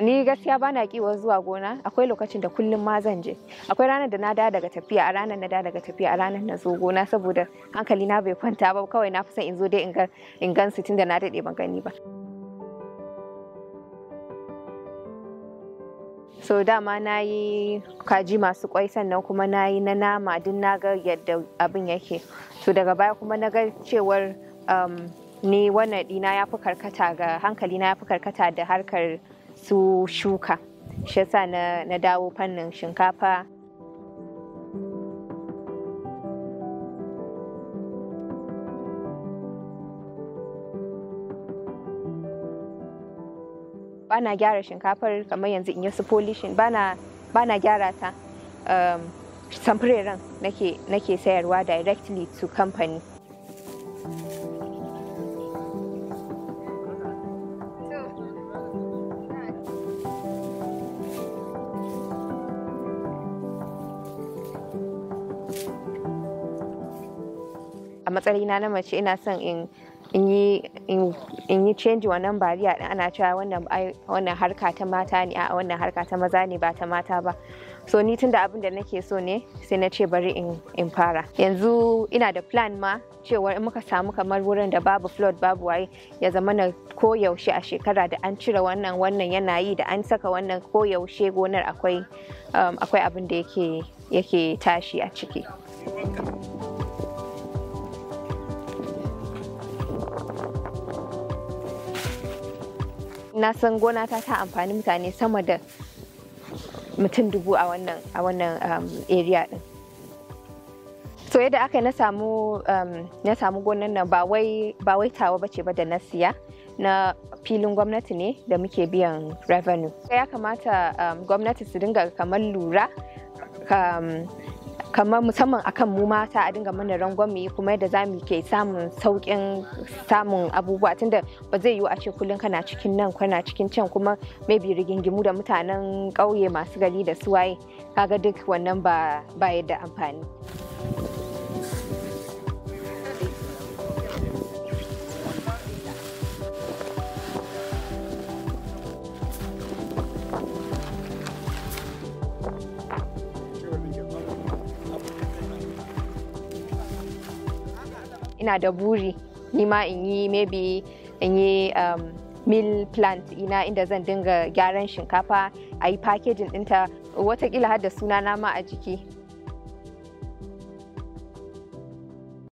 Ni gaskiya ba na kiwon zuwa gona akwai lokacin da kullum ma zan je. Akwai ranar da na da daga tafiya a ranar na da daga tafiya a ranar na zo gona saboda hankali na bai kwanta ba kawai na fi son in zo dai in gan su tunda na daɗe ban gani ba. so dama na yi kaji masu kwai sannan kuma na yi na nama duk na ga yadda abin yake to daga baya kuma na ga cewar um, ni wannan dina ya fi karkata ga hankali na ya fi karkata da harkar su shuka shi yasa na dawo fannin shinkafa bana gyara shinkafar kamar yanzu in yi su polishin bana na gyara ta um, nake sayarwa directly to company a matsayina na mace ina son in in yi canji wannan bariya din ana cewa wannan harka ta mata ne a wannan harka ta maza ne ba ta mata ba so ni tun da abin da nake so ne sai na ce bari in fara yanzu ina da plan ma cewa in muka samu kamar wurin da babu flood babu waye ya zama na koyaushe a shekara da an cire wannan wannan yana da an saka wannan koyaushe gonar akwai um, abin da yake tashi a ciki. na san gona ta ta amfani mutane sama da mutum dubu a wannan a wannan um, area din so yadda aka na samu um, na samu gonan nan ba wai ba wai tawa bace ba da na siya na filin gwamnati ne da muke biyan revenue ya kamata um, gwamnati su dinga kamar lura kamar musamman akan mu mata a dinga mana mu kuma yadda za mu ke samun saukin samun abubuwa tunda ba zai yiwu a ce kullum kana cikin nan kana cikin can kuma maybe rigingimu da mutanen ƙauye masu gari da suwaye kaga duk wannan ba ba yadda amfani ina da buri nima in yi maybe in yi um, plant ina inda zan dinga gyaran shinkafa a yi packaging dinta watakila har da suna nama a jiki